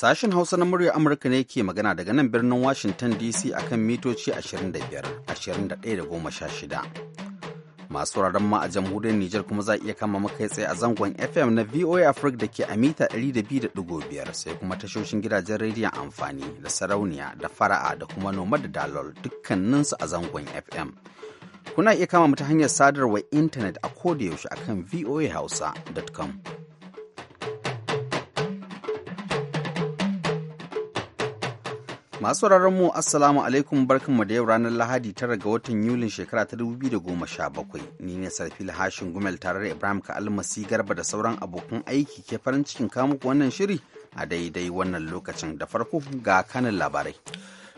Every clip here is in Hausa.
Sashen Hausa na murya Amurka ne ke magana daga nan birnin Washington DC akan mitoci 25-21-16. Masu wuraren ma a jamhuriyar Nijar kuma za a iya kama makai tsaye a zangon FM na VOA Africa da ke a mita 200.5 sai kuma tashoshin gidajen rediyon amfani da sarauniya da fara'a da kuma nomad da dalol dukkaninsu a zangon FM. Kuna iya kama mu ta hanyar sadarwar intanet a kodayaushe akan voahausa.com. Masu mu Assalamu alaikum barkanmu da yau ranar Lahadi tara ga watan Yulin shekara ta 2017. Ni ne Sarfi Hashin Gumel tare da Ibrahim Ka'almasi Garba da sauran abokan aiki ke farin cikin kamuku wannan shiri a daidai wannan lokacin da farko ga kanin labarai.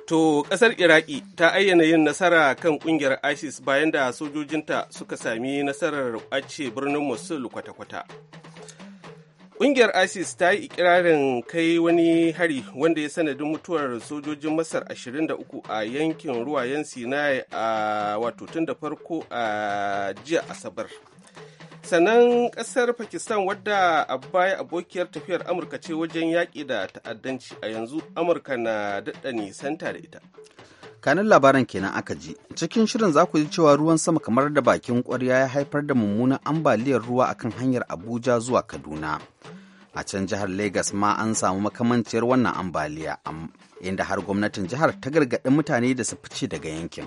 To ƙasar Iraki ta ayyana yin nasara kan ƙungiyar ISIS bayan da sojojinta suka sami nasarar ƙwace birnin Mosul kwata-kwata. Ƙungiyar ISIS ta yi ikirarin kai wani hari wanda ya sanadin mutuwar sojojin Masar 23 a yankin ruwayen Sinai a wato tun da farko a jiya Asabar. Sannan ƙasar Pakistan wadda a baya abokiyar tafiyar Amurka ce wajen yaƙi da ta'addanci a yanzu Amurka na daɗa nisanta da ita. kanin labaran kenan aka ji cikin shirin za ku ji cewa ruwan sama kamar da bakin kwarya ya haifar da mummunan ambaliyar ruwa akan hanyar abuja zuwa kaduna a can jihar Legas ma an samu makamanciyar wannan ambaliya inda har gwamnatin jihar ta gargaɗi mutane da su fice daga yankin.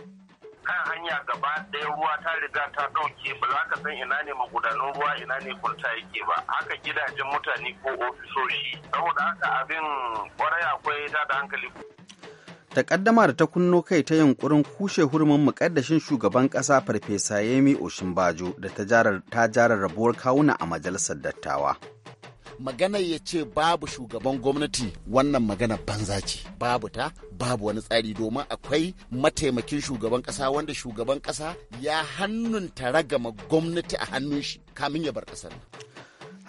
Kan hanya gaba ɗaya ruwa ta riga ta ɗauke ba za ka san ina ne magudanin ruwa ina ne kwanta yake ba haka gidajen mutane ko ofisoshi saboda haka abin kwarai akwai da hankali. takaddama da ta kunno kai ta yunkurin kushe hurumin mukaddashin shugaban kasa farfesa yemi oshimbajo da ta jarar rabuwar kawuna a majalisar dattawa magana ya ce babu shugaban gwamnati wannan magana banza ce babu ta babu wani tsari domin akwai mataimakin shugaban kasa wanda shugaban kasa ya hannun ta ragama gwamnati a hannun shi kamin ya bar kasar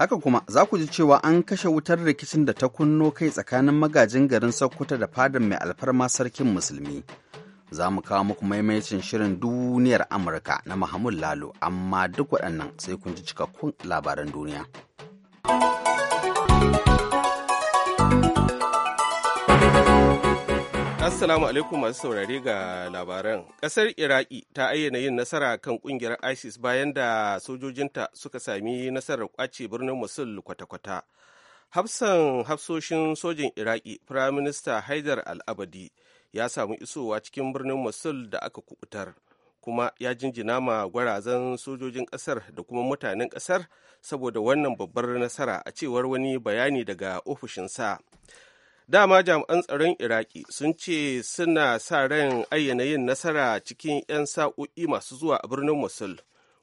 haka kuma za ku ji cewa an kashe wutar rikicin da ta kunno kai tsakanin magajin garin sokoto da fadin mai alfarma sarkin musulmi za mu kawo muku maimaicin shirin duniyar amurka na mahmud lalo amma duk waɗannan sai kun ji cikakkun labaran duniya Assalamu alaikum masu saurare ga labaran. Ƙasar Iraki ta ayyana yin nasara kan ƙungiyar ISIS bayan da sojojinta suka sami nasarar ƙwace birnin Mosul kwata-kwata. Hafsan hafsoshin sojin Iraki, Firayim Minista Haidar Al-Abadi, ya samu isowa cikin birnin Mosul da aka kubutar, kuma ya jinjina ma gwarazan sojojin ƙasar da kuma mutanen ƙasar saboda wannan babbar nasara a cewar wani bayani daga ofishinsa. dama jami'an tsaron iraki sun ce suna sa ran ayyana yin nasara cikin 'yan sa'o'i masu zuwa a birnin mosul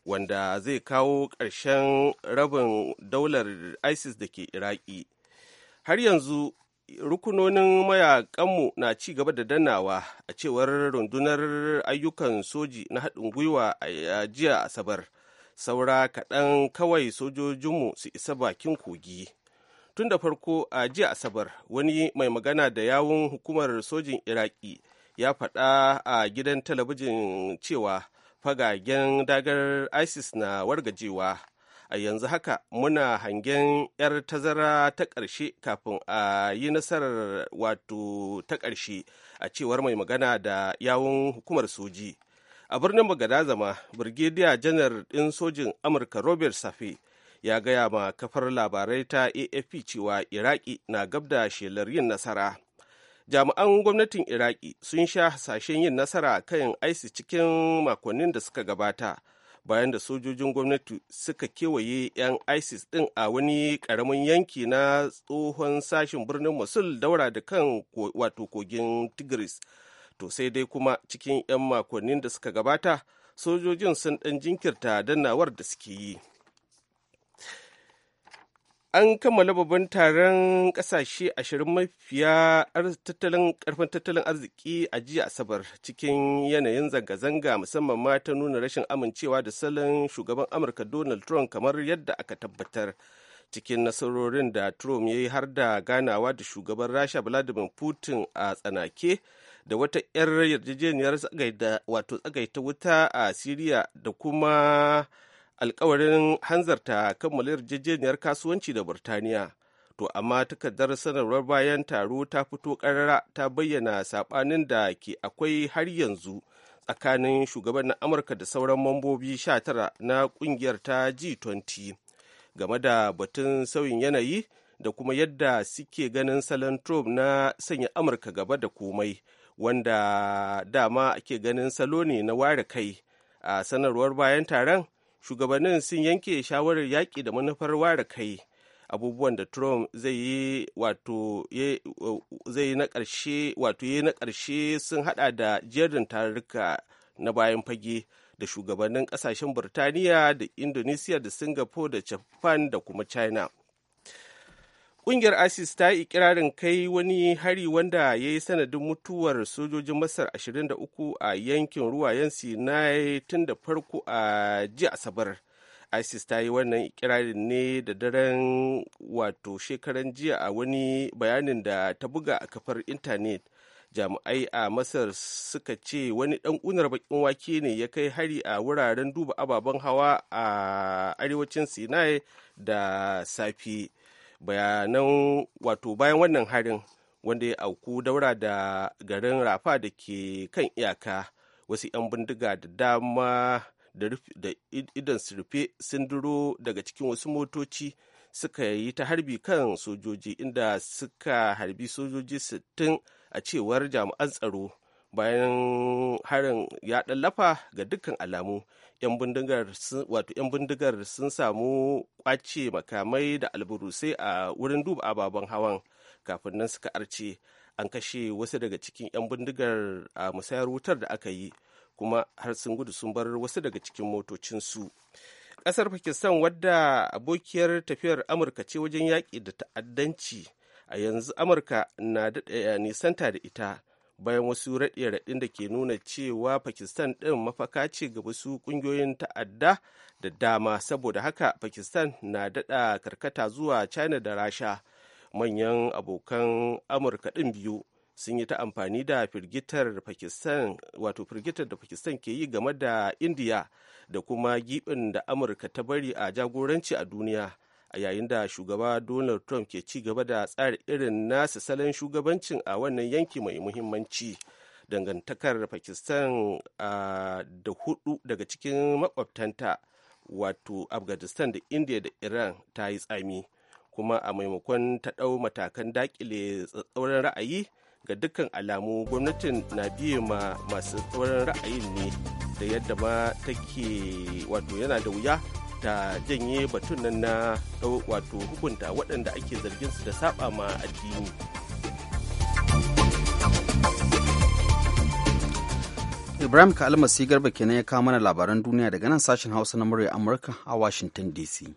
wanda zai kawo ƙarshen rabin daular isis da ke iraki har yanzu rukunonin mayakanmu na ci gaba da danawa a cewar rundunar ayyukan soji na haɗin gwiwa a jiya asabar saura kaɗan kawai sojojinmu su isa bakin kogi tun da farko a jiya asabar wani mai magana da yawun hukumar sojin iraki ya faɗa a gidan talabijin cewa fagagen dagar isis na wargajewa a yanzu haka muna hangen 'yar tazara ta ƙarshe kafin a yi nasarar wato ta ƙarshe a cewar mai magana da yawun hukumar soji a birnin bagada zama birgediya janar ɗin sojin amurka robert safe ya gaya ma kafar labarai ta afp cewa iraki na gab da shelar yin nasara jami'an gwamnatin iraki sun sha hasashen yin nasara kan isis cikin makonnin da suka gabata bayan da sojojin gwamnati suka kewaye 'yan isis din a wani karamin yanki na tsohon sashen birnin mosul daura da kan wato kogin tigris to sai dai kuma cikin 'yan makonnin da suka gabata sojojin sun dan jinkirta dannawar da suke yi an kammala babban taron kasashe ashirin mafiya karfin tattalin arziki a jiya asabar cikin yanayin zanga-zanga musamman ma ta nuna rashin amincewa da salon shugaban amurka donald trump kamar yadda aka tabbatar cikin nasarorin da trump ya yi har da ganawa da shugaban rasha vladimir putin a tsanake da wata 'yar yarjejeniyar tsagaita wuta a siriya da kuma alkawarin hanzarta kammala yarjejeniyar kasuwanci da burtaniya to amma takardar sanarwar bayan taro ta fito karara ta bayyana sabanin da ke akwai har yanzu tsakanin shugaban na amurka da sauran mambobi 19 na kungiyar ta g20 game da batun sauyin yanayi da kuma yadda suke ganin salon trump na sanya amurka gaba da komai wanda dama ake ganin salo ne na ware kai a sanarwar bayan taron shugabannin sun yanke shawarar yaƙi da manufar ware kai abubuwan da trump zai yi wato na ƙarshe uh, yi na ƙarshe sun hada da jerin tarurruka na bayan fage da shugabannin ƙasashen burtaniya da indonesia da singapore da japan da kuma china Ƙungiyar ISIS ta yi ikirarin kai wani hari wanda ya yi sanadin mutuwar sojojin Masar 23 a yankin ruwayen Sinai tun da farko a ji Asabar. ISIS ta yi wannan ikirarin ne da daren wato shekaran jiya a wani bayanin da ta buga a kafar intanet. Jami'ai a Masar suka ce wani ɗan ƙunar baƙin wake ne ya kai hari a wuraren duba ababen hawa a arewacin Sinai da safe. bayanan wato bayan wannan harin wanda ya auku daura da garin rafa da ke kan iyaka wasu 'yan bindiga da dama da idan su rufe sun duro daga cikin wasu motoci suka yi ta harbi kan sojoji inda suka harbi sojoji 60 a cewar jami'an tsaro bayan harin ya ɗallafa ga dukkan alamu 'yan bindigar sun samu kwace makamai da alburusai a wurin duba ababen hawan kafin nan suka arce an kashe wasu daga cikin 'yan bindigar a musayar wutar da aka yi kuma har sun gudu sun bar wasu daga cikin motocinsu ƙasar pakistan wadda abokiyar tafiyar amurka ce wajen yaƙi da ta'addanci a yanzu amurka na nisanta da ita bayan wasu raɗe-raɗin da ke nuna cewa pakistan ɗin mafaka ce ga wasu ƙungiyoyin ta'adda da dama saboda haka pakistan na daɗa karkata zuwa china da rasha manyan abokan amurka ɗin biyu sun yi ta amfani da firgitar pakistan wato firgitar da pakistan ke yi game da indiya da kuma giɓin da amurka ta bari a jagoranci a duniya a yayin da shugaba donald trump ke ci gaba da tsara irin nasa salon shugabancin a wannan yanki mai muhimmanci dangantakar pakistan da hudu daga cikin makwabtanta wato afghanistan da india da iran ta yi tsami kuma a maimakon ta ɗau matakan dakile tsatsauran ra'ayi ga dukkan alamu gwamnatin na biye ma masu tsauran ra'ayin ne da yadda ma take wato yana da wuya ta janye batun nan na wato hukunta waɗanda ake zargin su da saba ma addini ibrahim sai garba kenan ya kawo mana labaran duniya daga nan sashen hausa na murya amurka a washington dc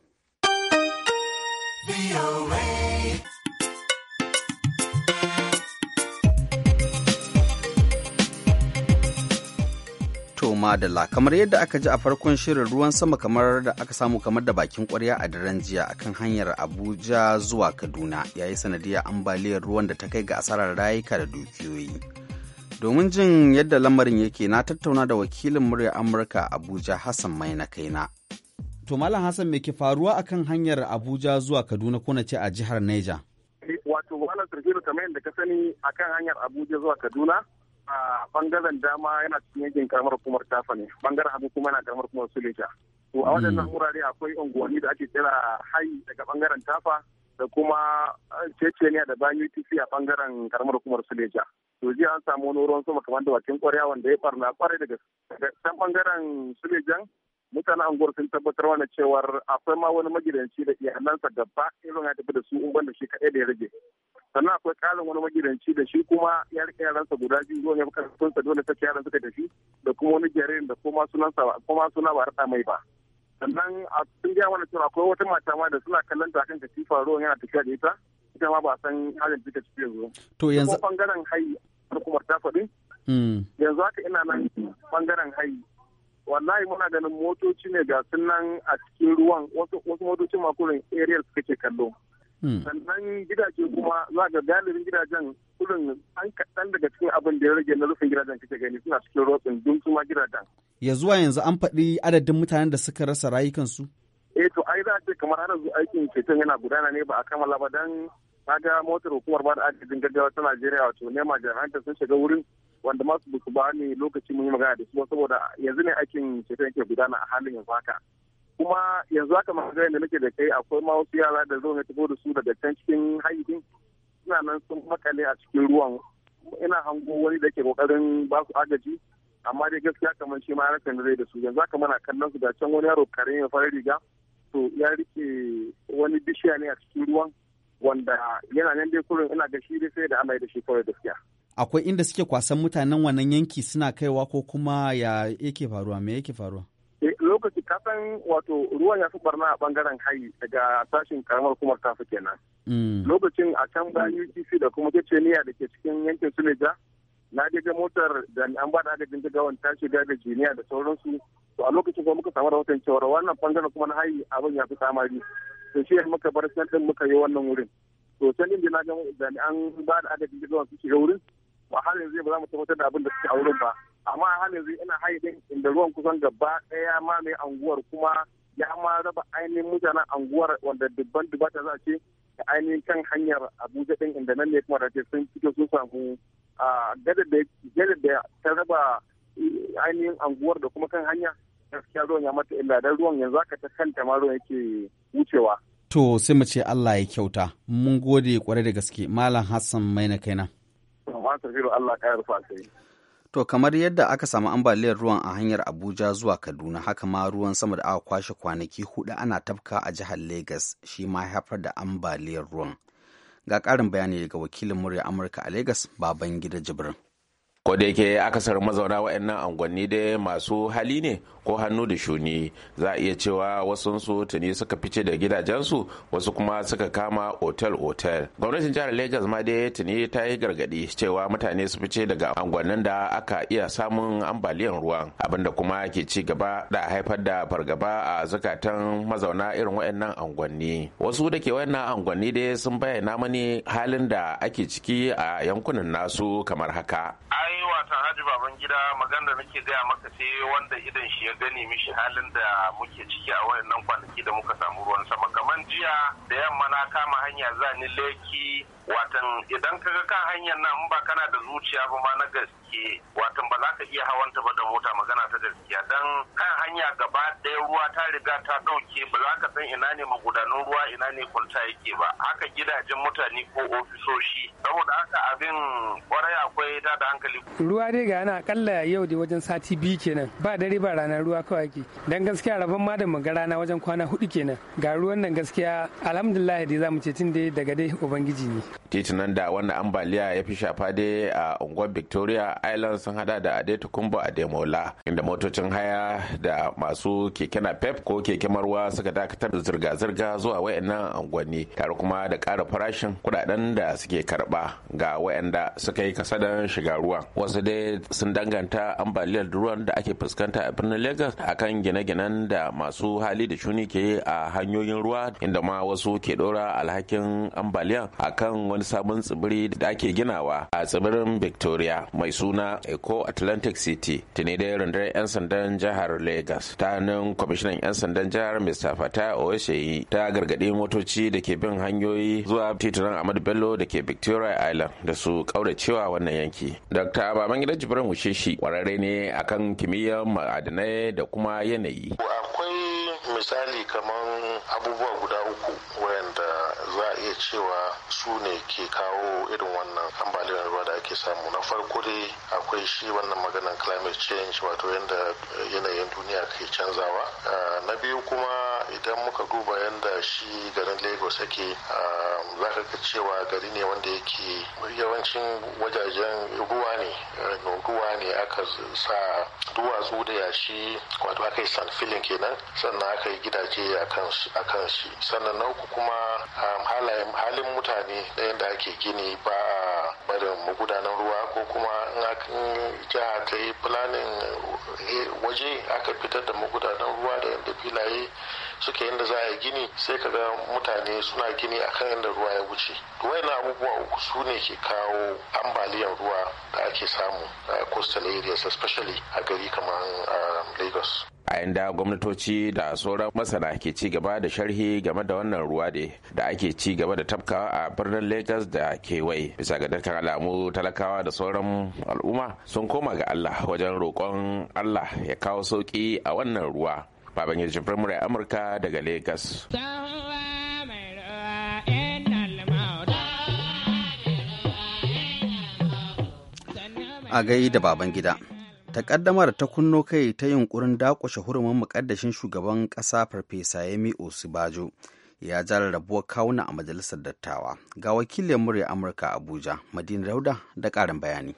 To Madala kamar yadda aka ji a farkon shirin ruwan sama kamar da aka samu kamar da bakin kwarya a daren jiya akan hanyar Abuja zuwa Kaduna ya yi sanadiyar ambaliyar ruwan da ta kai ga asarar rayuka da dukiyoyi. Domin jin yadda lamarin yake na tattauna da wakilin murya Amurka Abuja Hassan Mai na kaina. To Malam Hassan me ke faruwa akan hanyar Abuja zuwa Kaduna ko na ce a jihar Niger? Wato Malam Sirgiru kamar yadda ka sani akan hanyar Abuja zuwa Kaduna a bangaren dama yana cikin yankin karamar hukumar tafa ne bangaren hagu kuma yana karamar hukumar suleja to a waɗannan hmm. wurare akwai unguwanni da ake tsira hai daga bangaren tafa da kuma eh, ceceniya da bayan UTC a bangaren karamar hukumar suleja to jiya an samu wani ruwan sama kamar da bakin kwarya wanda ya barna kwarai daga san bangaren sulejan mutanen anguwar sun tabbatar wani cewar akwai ma wani magidanci da iyalansa gaba irin ya tafi da su uban da shi kaɗai da ya rage sannan akwai ƙarin wani magidanci da shi kuma ya rike yaransa guda biyu zuwa ya fuka sunsa dole ta yaran suka tafi da kuma wani jaririn da kuma sunansa ba kuma suna ba raɗa mai ba sannan a sun gaya mana cewa akwai wata mata ma da suna kallon ta kan katifa ruwan yana tafiya da ita ita ma ba san halin da ta ciki yanzu to yanzu bangaren hayi kuma ta faɗi hmm. yanzu haka ina nan bangaren hayi wallahi muna ganin motoci ne ga nan a cikin ruwan wasu motoci makurin aerial suka ke kallo hmm. sannan gidaje kuma za ga galibin gidajen kudin an kaɗan daga cikin abin da ya rage na rufin gidajen kake gani suna cikin rotsin dun kuma gidajen ya zuwa yanzu an faɗi adadin mutanen da suka rasa rayukansu E, to ai za a ce kamar har yanzu aikin ceton yana gudana ne ba a kammala ba dan ga motar hukumar ba da agajin gaggawa ta Najeriya wato nema jami'an sun shiga wurin wanda masu ba ba ne lokacin mun yi magana da su ba saboda yanzu ne aikin ceton yake gudana a halin yanzu haka kuma yanzu haka magana da nake da kai akwai ma wasu yara da zo ne tafi da su daga can cikin hayyukin suna nan sun makale a cikin ruwan ina hango wani da ke kokarin ba su agaji amma dai gaskiya kamar shi ma rakan zai da su yanzu haka muna kallon su da can wani yaro karen ya fara riga to ya rike wani bishiya ne a cikin ruwan wanda yana nan dai kurin ina ga shi dai sai da amai da shi kawai gaskiya akwai inda suke kwasan mutanen wannan yanki suna kaiwa ko kuma ya yake faruwa me yake faruwa eh, lokaci kasan wato ruwan ya fi barna a bangaren hayi daga tashin karamar kuma fi kenan mm. lokacin a can ba UTC da kuma niya da ke cikin yankin Suleja na ga motar da an ba da agajin gawan ta shiga da jiniya da sauransu to a lokacin kuma muka samu rahoton cewa wannan bangaren kuma na hayi abin ya fi samari to shi muka bar can din muka yi wannan wurin to can din na ga jami'an ba da agajin gawan su shiga wurin ba har yanzu ba za mu tabbatar da abin da suke a wurin ba amma har yanzu ina haidin inda ruwan kusan gaba ɗaya ma mai anguwar kuma ya ma raba ainihin mutanen anguwar wanda dubban dubata za ce da ainihin kan hanyar abuja ɗin inda nan ne kuma da sun fito sun samu gadar da ta raba e, ainihin anguwar da kuma kan hanya gaskiya ruwan ya mata illa dan ruwan yanzu aka ta kanta ma ruwan yake wucewa. To sai mu ce Allah ya kyauta mun gode kwarai da gaske Malam Hassan Maina kenan. To kamar yadda aka samu ambaliyar ruwan a hanyar Abuja zuwa Kaduna haka ma ruwan sama da aka kwashe kwanaki hudu ana tafka a jihar Legas shi ma haifar da ambaliyar ruwan. Ga ƙarin bayani daga wakilin murya Amurka a Legas baban gida Jibrin. Ko da yake akasar mazauna waɗannan angwanni dai masu hali ne ko hannu da shuni za a iya cewa wasu su tuni suka fice da gidajensu wasu kuma suka kama otel otel gwamnatin jihar lagos ma dai tuni ta yi gargadi cewa mutane su fice daga angwannin da aka iya samun ambaliyan ruwan abinda kuma ke ci gaba da haifar da fargaba a zukatan mazauna irin waɗannan angwanni wasu da ke waɗannan angwanni dai sun bayyana mani halin da ake ciki a yankunan nasu kamar haka. fatan Haji baban gida magana da nake gaya maka ce wanda idan shi ya gani mishi halin da muke ciki a wayannan kwanaki da muka samu ruwan sama kamar jiya da yamma na kama hanya za ni leki watan idan ka ga kan hanyar nan in ba kana da zuciya ba ma na gaske watan ba za ka iya hawan ta ba da mota magana ta gaskiya dan kan hanya gaba ɗaya ruwa ta riga ta ɗauke ba za ka san ina ne magudanun ruwa ina ne kwalta yake ba haka gidajen mutane ko ofisoshi saboda haka abin kwarai akwai ta da hankali ruwa dai ga yana akalla yau da wajen sati biyu kenan ba dare ba ranar ruwa kawai ke dan gaskiya rabon ma da rana wajen kwana hudu kenan ga ruwan nan gaskiya alhamdulillah dai zamu ce tun dai daga dai ubangiji ne titunan da wannan ambaliya ya fi shafa dai a unguwar victoria island sun hada da adeta kumbo a demola inda motocin haya da masu keke na pep ko keke marwa suka dakatar da zirga-zirga zuwa wayannan unguwanni tare kuma da kara farashin kudaden da suke karba ga wayanda suka yi kasadan shiga ruwa wasu dai sun danganta ambaliyar ruwan da ake fuskanta a birnin lagos akan gine-ginen da masu hali da shuni ke a hanyoyin ruwa inda ma wasu ke dora alhakin ambaliya akan wani sabon tsibiri da ake ginawa a tsibirin victoria mai suna eco atlantic city tuni dai rundunar 'yan sandan jihar lagos ta nan kwamishinan 'yan sandan jihar mr fata oyeshayi ta gargaɗi motoci da ke bin hanyoyi zuwa titunan ahmad bello da ke victoria island da su kauracewa wannan yanki dr baban gidan wuce shi kwararre ne akan kimiyyar ma'adanai da kuma yanayi akwai misali kamar abubuwa guda uku wayanda za a iya cewa su ne ke kawo irin wannan ambaliyar ruwa da ake samu na farko dai akwai shi wannan maganar climate change wato yadda eh, yanayin duniya ke canzawa ah, na biyu kuma idan muka duba yadda shi garin lagos yake a ah, za ka ga cewa gari ne wanda yake yawancin wajajen ruwa ne eh, ruwa ne aka sa duwatsu da yashi wato aka yi san filin kenan sannan aka yi gidaje a kan shi sannan na uku kuma um, halin mutane da yadda ake gini ba a barin magudanan ruwa ko kuma in jiha ta yi planning eh, waje aka fitar da magudanan ruwa da yadda filaye suke yadda za a gini sai ka ga mutane suna gini akan yadda ruwa ya wuce yana abubuwa uku su ne ke kawo ambaliyar ruwa da ake samu a coastal areas especially a gari kamar um, lagos a yanda gwamnatoci da sauran masana ke ci gaba da sharhi game da wannan ruwa ne da ake ci gaba da tafkawa a birnin lagos da kewaye bisa ga dukkan alamu talakawa da sauran al'umma sun koma ga allah wajen roƙon allah ya kawo sauki a wannan ruwa baban ya jibrin murai amurka daga lagos a gai da baban gida takaddamar ta kunno kai ta yunkurin dakushe hurumin mukaddashin shugaban ƙasa farfesa yemi osibajo ya jara rabuwar kawuna a majalisar dattawa ga wakilin murya amurka abuja madina rauda da ƙarin bayani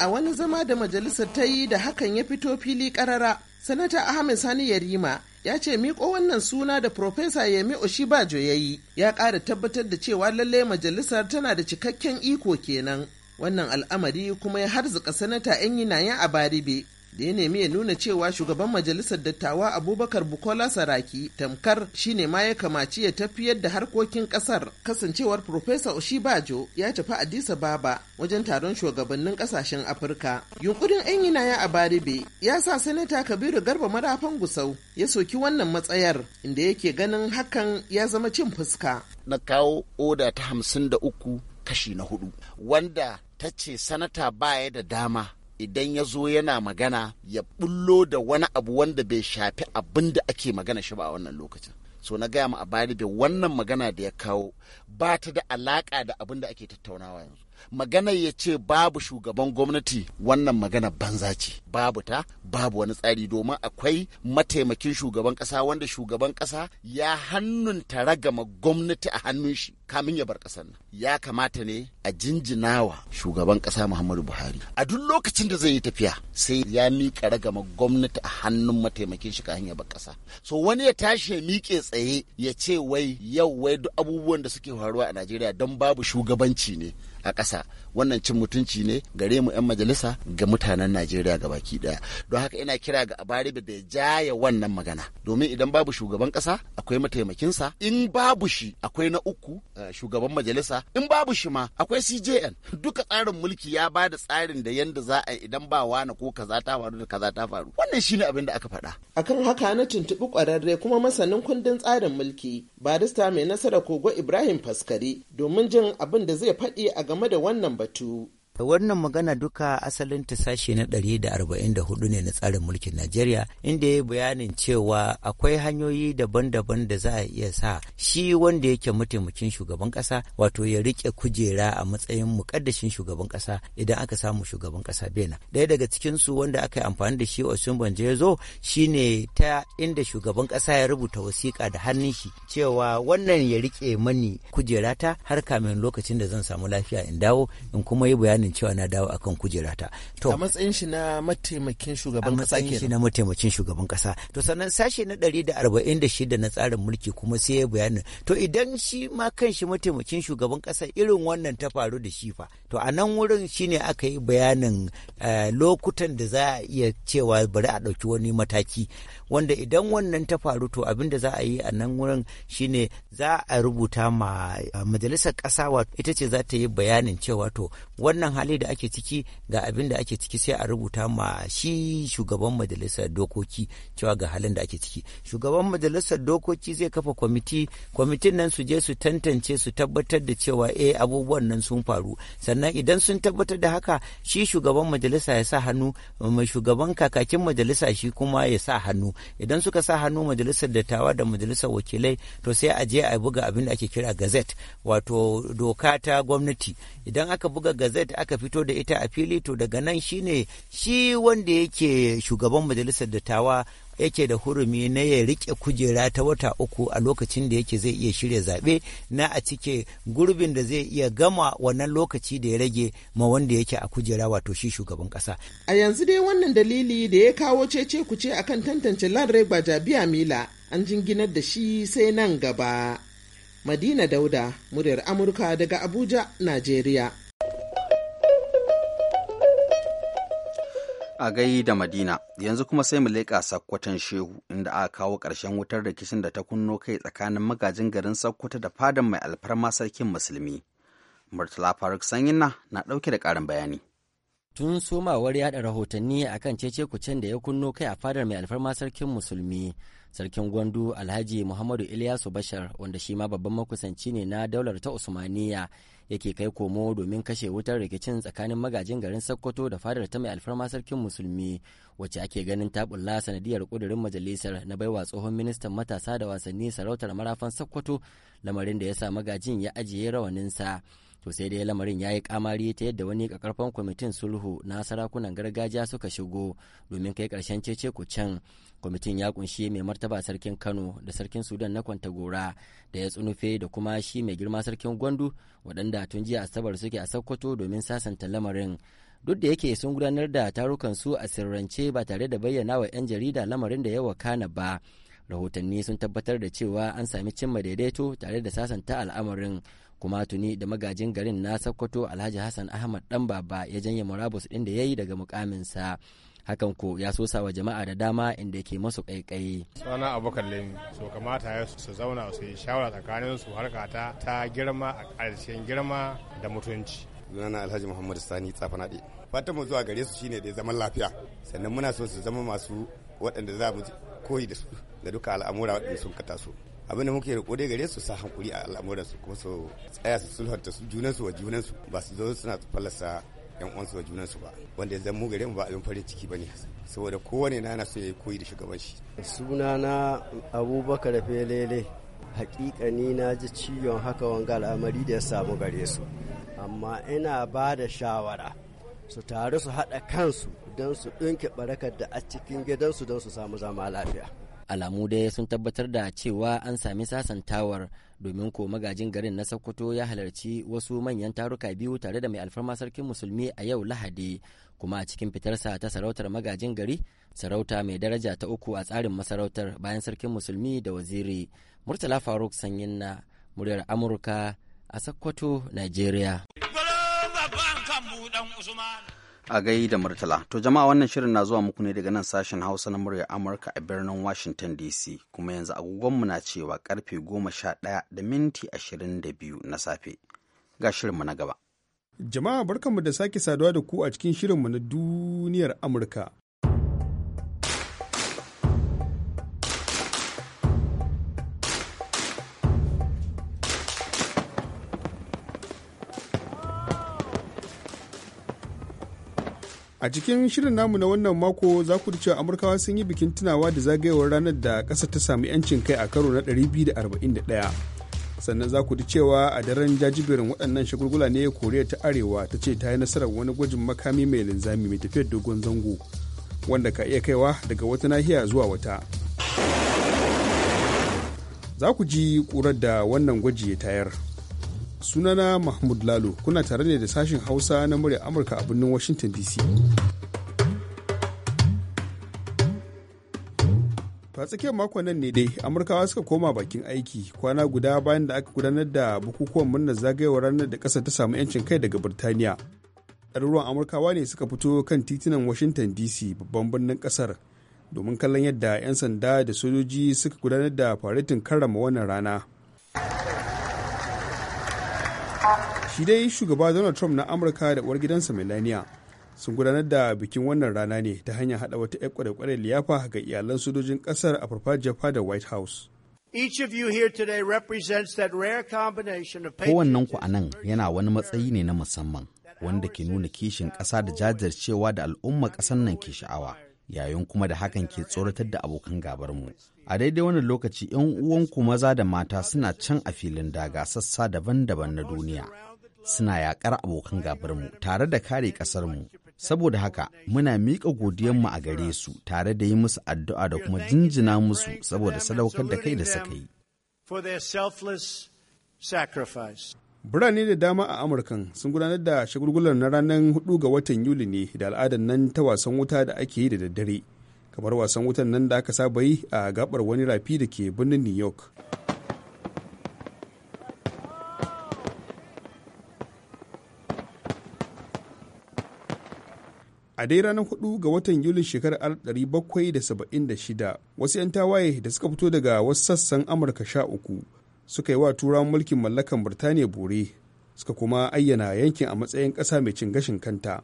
a wani zama da majalisar ta yi da hakan ya fito fili karara sanata ahmed sani yarima ya ce miko wannan suna da profesa yemi oshibajo ya yi ya ƙara tabbatar da cewa lalle majalisar tana da cikakken iko kenan wannan al'amari kuma ya harzuka sanata yan yinayen a baribe da ya nemi ya nuna cewa shugaban majalisar dattawa abubakar bukola saraki tamkar shine ma ya kamaci ya tafiyar da harkokin kasar kasancewar profesa oshibajo ya tafi addis ababa wajen taron shugabannin kasashen afirka yunkurin yan yinaya a baribe ya sa sanata kabiru garba marafan gusau ya soki wannan matsayar inda yake ganin hakan ya zama cin fuska na kawo oda ta hamsin da uku kashi na hudu wanda ta ce sanata baya da dama idan ya zo yana magana ya bullo da wani abu wanda bai shafi abin da ake magana shi ba a wannan lokacin so na gaya ma a bari da wannan magana da ya kawo ba ta da alaka da abin da ake tattaunawa yanzu magana ya ce babu shugaban gwamnati wannan magana banza ce babu ta babu wani tsari domin akwai mataimakin shugaban kasa wanda shugaban kasa ya hannun ta ragama gwamnati a hannun shi kamin ya bar ƙasar nan ya kamata ne a jinjinawa shugaban ƙasa muhammadu buhari a duk lokacin da zai yi tafiya sai ya miƙa ragama gwamnati a hannun mataimakin shi ka hanyar bar ƙasa so wani ya tashi ya miƙe tsaye ya ce wai yau wai duk abubuwan da suke faruwa a najeriya don babu shugabanci ne a ƙasa wannan cin mutunci ne gare mu 'yan majalisa ga mutanen najeriya ga baki daya don haka ina kira ga abaribe da ya jaya wannan magana domin idan babu shugaban ƙasa akwai mataimakinsa in babu shi akwai na uku Eh, shugaban majalisa in babu shi ma akwai CJN duka tsarin mulki ya ba da tsarin da yanda za a idan ba wani ko kaza ta faru da kaza ta faru wannan shine abin da aka faɗa akan haka na tuntuɓi kwararre kuma masanin kundin tsarin mulki barista mai nasara kogo Ibrahim Faskari domin jin abin da zai faɗi a game da wannan batu wannan magana duka asalin ta sashe na 144 ne na tsarin mulkin Najeriya inda ya bayanin cewa akwai hanyoyi daban-daban da za a iya sa shi wanda yake mataimakin shugaban kasa wato ya rike kujera a matsayin mukaddashin shugaban kasa idan aka samu shugaban kasa bena daya daga cikin su wanda aka yi amfani da shi Osun Banje ya zo shine ta inda shugaban kasa ya rubuta wasiƙa da hannun shi cewa wannan ya rike mani kujerata har kamin lokacin da zan samu lafiya in dawo in kuma yi bayanin ganin cewa na dawo akan ta. to a matsayin shi na mataimakin shugaban kasa a matsayin shi na mataimakin shugaban kasa to sannan sashe na 146 na tsarin mulki kuma sai ya bayanin to idan shi ma kanshi mataimakin shugaban kasa irin wannan ta faru da shi fa to a nan wurin shine aka yi bayanin eh, lokutan da za a iya cewa bari a ɗauki wani mataki wanda idan wannan ta faru to abin da za a yi a nan wurin shine za a rubuta ma eh, majalisar ƙasa ita ce za ta yi bayanin cewa to wannan wannan hali da ake ciki ga abin da ake ciki sai a rubuta ma shi shugaban majalisar dokoki cewa ga halin da ake ciki shugaban majalisar dokoki zai kafa kwamiti kwamitin nan su je su tantance su tabbatar da cewa eh abubuwan nan sun faru sannan idan sun tabbatar da haka shi shugaban majalisa ya sa hannu mai shugaban kakakin majalisa shi kuma ya sa hannu idan suka sa hannu majalisar dattawa da majalisar wakilai to sai a je a buga abin da ake kira gazet wato doka ta gwamnati idan aka buga gazet. aka fito da ita a fili to daga nan shine shi wanda yake shugaban majalisar dattawa yake da hurumi na ya rike kujera ta wata uku a lokacin da yake zai iya shirya zaɓe na a cike gurbin da zai iya gama wannan lokaci da ya rage ma wanda yake a kujera wato shi shugaban ƙasa. A yanzu dai wannan dalili da ya kawo cece kuce akan tantance Lanre Gbajabiya Mila an jinginar da shi sai nan gaba. Madina Dauda, muryar Amurka daga Abuja, Najeriya. a gai da madina yanzu kuma sai mu leƙa sakkwatan shehu inda aka kawo ƙarshen wutar rikicin da ta kunno kai tsakanin magajin garin sakkwata da fadan mai alfarma sarkin musulmi murtala faruk sanyina na ɗauke da ƙarin bayani tun somawar yada rahotanni akan cece kucen da ya kunno kai a fadar mai alfarma sarkin musulmi sarkin gwandu alhaji muhammadu ilyasu bashar wanda shi ma babban makusanci ne na daular ta usmaniya yake kai komo domin kashe wutar rikicin tsakanin magajin garin sokoto da fadar ta mai alfarma sarkin musulmi wacce ake ganin ta bulla sanadiyar kudurin majalisar na baiwa tsohon ministan matasa da wasanni sarautar marafan sokoto lamarin da ya sa magajin ya ajiye rawaninsa to sai dai lamarin ya yi kamari ta yadda wani kakarfan kwamitin sulhu na sarakunan gargajiya suka shigo domin kai karshen cece ku can kwamitin ya kunshi mai martaba sarkin kano da sarkin sudan na kwantagora da ya tsunufe da kuma shi mai girma sarkin gwandu waɗanda tun jiya asabar suke a sokoto domin sasanta lamarin duk da yake sun gudanar da tarukan su a sirrance ba tare da bayyana wa 'yan jarida lamarin da ya wakana ba rahotanni sun tabbatar da cewa an sami cimma daidaito tare da sasanta al'amarin kuma tuni da magajin garin na sokoto alhaji hassan ahmad dan baba ya janye murabus ɗin da ya yi daga mukaminsa hakan ko ya sosa wa jama'a da dama inda yake masu kaikayi. sana abokan lemi so kamata ya su zauna su yi shawara tsakanin su harka ta ta girma a ƙarshen girma da mutunci. Zuna Alhaji Muhammadu Sani Tsafanaɗe. Fatan mu zuwa gare su shine da zaman lafiya sannan muna so su zama masu waɗanda za mu koyi da su da duka al'amura waɗanda sun kata su. abin da muke riko gare su sa hankuri a al'amuransu kuma su tsaya su sulhanta junansu wa junansu ba su zo suna fallasa yan uwansu da junansu ba wanda ya mu gare mu ba abin farin ciki bane saboda kowane na yana so ya koyi da shugaban shi sunana abubakar felele hakika ni na ji ciwon haka wanga al'amari da ya samu gare su amma ina ba da shawara su taru su haɗa kansu don su ɗinke barakar da a cikin gidansu don su samu zama lafiya alamu dai sun tabbatar da cewa an sami sasantawar domin ko magajin garin na sokoto ya halarci wasu manyan taruka biyu tare da mai alfarma sarkin musulmi a yau lahadi kuma a cikin fitarsa ta sarautar magajin gari sarauta mai daraja ta uku a tsarin masarautar bayan sarkin musulmi da waziri murtala faruk sanyin na muryar amurka a sokoto nigeria a gai da murtala to jama'a wannan shirin na zuwa muku ne daga nan sashen hausa na muryar amurka a birnin washington dc kuma yanzu agogonmu na cewa karfe goma sha ɗaya da minti ashirin da biyu na safe ga shirin mu na gaba jama'a barkanmu da sake saduwa da ku a cikin shirin mu na duniyar amurka A cikin shirin namu na wannan mako za ku cewa Amurkawa sun yi bikin tunawa da zagayewar ranar da ƙasa ta sami 'yancin kai a karo na 241. Sannan za ku ji cewa a daren jajiberin waɗannan shagulgula ne Koriya ta Arewa ta ce ta yi nasarar wani gwajin makami mai linzami mai tafiyar dogon zango wanda ka iya kaiwa daga wata nahiya zuwa wata. Za ku ji ƙurar da wannan gwaji ya tayar. sunana mahmud lalo kuna tare ne da sashin hausa na murya amurka a birnin washington dc a tsakiyar makon nan ne dai amurkawa suka koma bakin aiki kwana guda bayan da aka gudanar da bukukuwan murnar zagayowar ranar da kasar ta samu 'yancin kai daga birtaniya ɗaruruwan amurkawa ne suka fito kan titunan washington dc babban birnin ƙasar domin kallon yadda 'yan sanda da sojoji suka gudanar da faretin karrama wannan rana shi dai shugaba donald trump na amurka da uwar gidansa melania sun gudanar da bikin wannan rana ne ta hanyar hada wata 'yar kware-kware liyafa ga iyalan sojojin kasar a farfajiyar fadar white house kowannen ku a nan yana wani matsayi ne na musamman wanda ke nuna kishin ƙasa da jajircewa da al'umma ƙasar nan ke sha'awa yayin kuma da hakan ke tsoratar da abokan gabarmu a daidai wannan lokaci 'yan uwanku maza da mata suna can a filin daga sassa daban-daban na duniya suna yakar abokan gabarmu tare da kare ƙasarmu saboda haka muna miƙa mu a gare su tare da yi musu addu'a da kuma jinjina musu saboda sadaukar da kai da suka yi Birane da dama a Amurkan sun gudanar da shagulgular na ranar 4 ga watan Yuli ne da al'adar nan ta wasan wuta da ake yi da daddare, kamar wasan wutan nan da aka saba yi a gabar wani rafi da ke birnin New York. a dai ranar 4 ga watan yulin shekarar 1776 wasu 'yan tawaye da suka fito daga wasu sassan amurka sha uku suka yi wa turawan mulkin mallakan birtaniya bore suka kuma ayyana yankin a matsayin ƙasa mai cin gashin kanta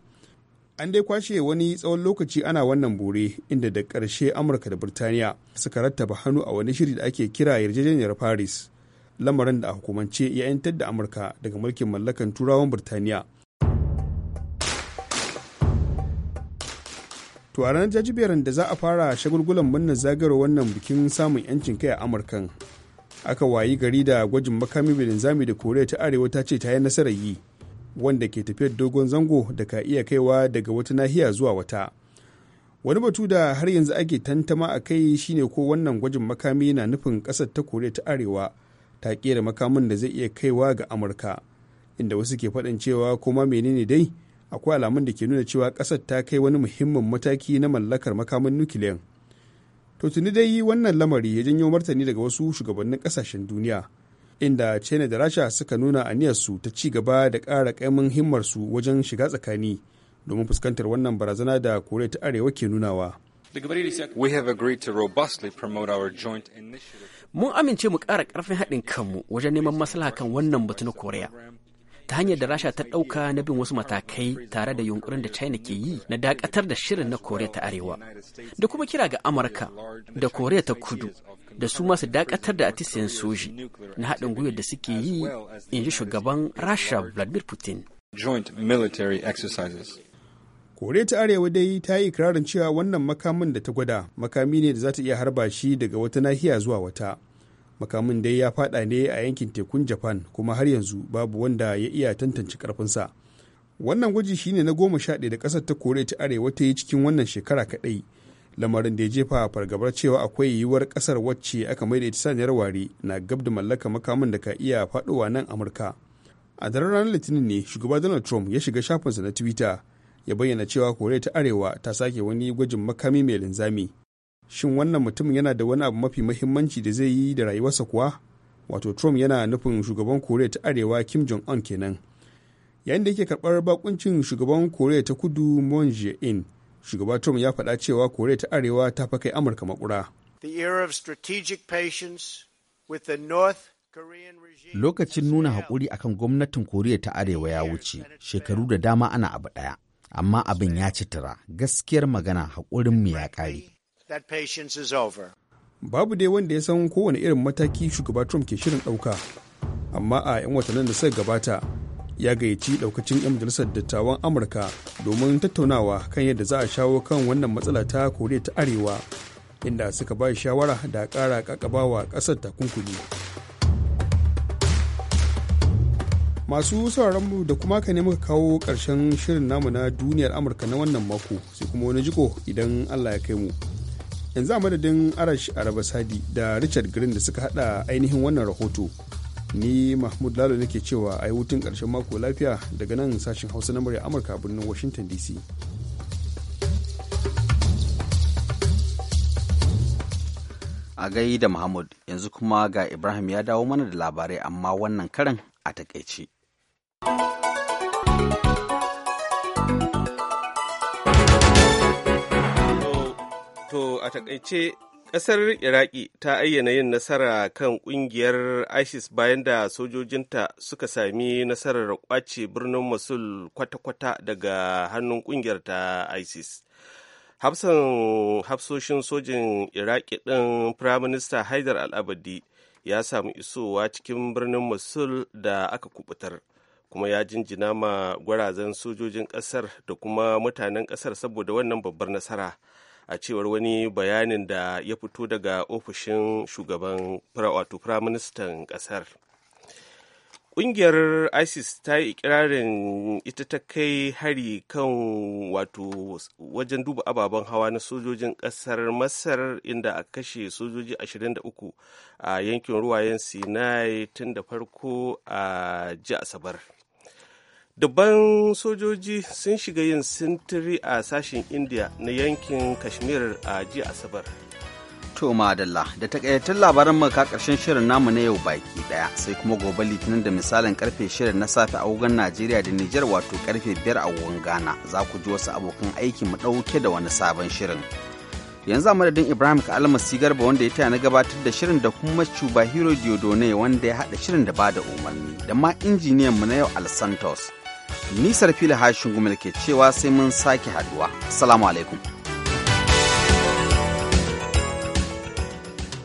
an dai kwashe wani tsawon lokaci ana wannan bore inda da karshe amurka da birtaniya suka rattaba hannu a wani shiri da ake kira yarjejeniyar paris lamarin da a hukumance ya 'yantar da amurka daga mulkin mallakan turawan birtaniya to a ranar jajiberin da za a fara shagulgulan murnar zagayowar wannan bikin samun yancin kai a amurkan aka wayi gari da gwajin makami mai linzami da koriya ta arewa ta ce ta yi nasarar yi wanda ke tafiyar dogon zango da ka iya kaiwa daga wata nahiya zuwa wata wani batu da har yanzu ake tantama a kai shine ko wannan gwajin makami na nufin ƙasar ta koriya ta arewa ta kera makamin da zai iya kaiwa ga amurka inda wasu ke faɗin cewa kuma menene dai akwai alamun da ke nuna cewa ƙasar ta kai wani muhimmin mataki na mallakar makamin nukiliyan to tuni dai wannan lamari ya janyo martani daga wasu shugabannin ƙasashen duniya inda china da rasha suka nuna aniyarsu ta ci gaba da ƙara ƙaimin himmarsu wajen shiga tsakani domin fuskantar wannan barazana da koriya ta arewa ke nunawa Mun amince mu ƙara ƙarfin haɗin kanmu wajen neman maslaha kan wannan batu na Koriya. ta hanyar da rasha ta ɗauka na bin wasu matakai tare da yunkurin da china ke yi na dakatar da shirin na korea ta arewa da kuma kira ga amurka da koriya ta kudu da su masu dakatar da atisiyan soji na haɗin gwiwar da suke yi in ji shugaban rasha vladimir putin joint military exercises koriya ta arewa dai ta yi ikirarin cewa wannan makamin da ta gwada makami ne da za ta iya harba shi daga wata nahiya zuwa wata makamin dai ya fada ne a yankin tekun japan kuma har yanzu babu wanda ya iya tantance karfinsa wannan gwaji shine na goma sha da kasar ta kore ta arewa ta yi cikin wannan shekara kaɗai lamarin da ya jefa fargabar cewa akwai yiwuwar kasar wacce aka maida ita saniyar ware na gab da mallaka makamin da ka iya faɗowa nan amurka a daren ranar litinin ne shugaba donald trump ya shiga shafinsa na twitter ya bayyana cewa kore ta arewa ta sake wani gwajin makami mai linzami shin wannan mutumin yana da wani abu mafi mahimmanci da zai yi da rayuwarsa kuwa wato trump yana nufin shugaban koriya ta arewa kim jong un kenan yayin da yake karbar bakuncin shugaban koriya ta kudu moon jae-in shugaba trump ya faɗa cewa koriya ta arewa ta fa kai amurka makura lokacin nuna haƙuri akan gwamnatin koriya ta arewa ya wuce shekaru da dama ana abu ɗaya amma abin ya ci tura gaskiyar magana haƙurinmu ya ƙare that patience is over. Babu dai wanda ya san kowane irin mataki shugaba Trump ke shirin ɗauka, amma a 'yan watannin da suka gabata ya gayyaci ɗaukacin 'yan majalisar dattawan Amurka domin tattaunawa kan yadda za a shawo kan wannan matsala ta Koriya ta Arewa, inda suka ba shawara da ƙara ƙaƙabawa ƙasar takunkumi. masu mu da kuma ka nemi muka kawo ƙarshen shirin namu na duniyar amurka na wannan mako sai kuma wani jiko idan allah ya kai mu yanzu a madadin arash araba sadi da richard green da suka hada ainihin wannan rahoto ni mahmud lalo nake cewa a yi hutun ƙarshen mako lafiya daga nan sashen hausa na murya amurka birnin washington dc a gai da mahmud yanzu kuma ga ibrahim ya dawo mana da labarai amma wannan karan a takaice. a takaice kasar Iraki ta ayyana yin nasara kan kungiyar ISIS bayan da sojojinta suka sami nasarar kwace birnin Mosul kwata-kwata daga hannun kungiyar ta ISIS. Hafsan hafsoshin sojin Iraki ɗin Firaminista Haidar Al-Abadi ya samu isowa cikin birnin Mosul da aka kubutar. kuma ya jinjina ma gwarazan sojojin ƙasar da kuma mutanen ƙasar saboda wannan babbar nasara a cewar wani bayanin da ya fito daga ofishin shugaban wato firaministan ƙasar ƙungiyar isis ta yi ikirarin ita ta kai hari kan wato wajen duba ababen hawa na sojojin ƙasar masar inda a kashe sojoji 23 a yankin ruwayen sinai tun da farko a ji asabar dubban sojoji sun shiga yin sintiri a sashen india na yankin kashmir a ji asabar to madalla da takaitattun labaran maka karshen shirin namu na yau baki daya sai kuma gobe litinin da misalin karfe shirin na safe wugan najeriya da nijar wato karfe biyar a wugan ghana za ku ji wasu abokan aiki mu dauke da wani sabon shirin yanzu a madadin ibrahim ka almasi garba wanda ya taya na gabatar da shirin da kuma cuba hero diodone wanda ya haɗa shirin da bada umarni da ma injiniyan mu na yau al santos Nisar fili hashin gumil ke cewa sai mun sake haduwa. Assalamu alaikum.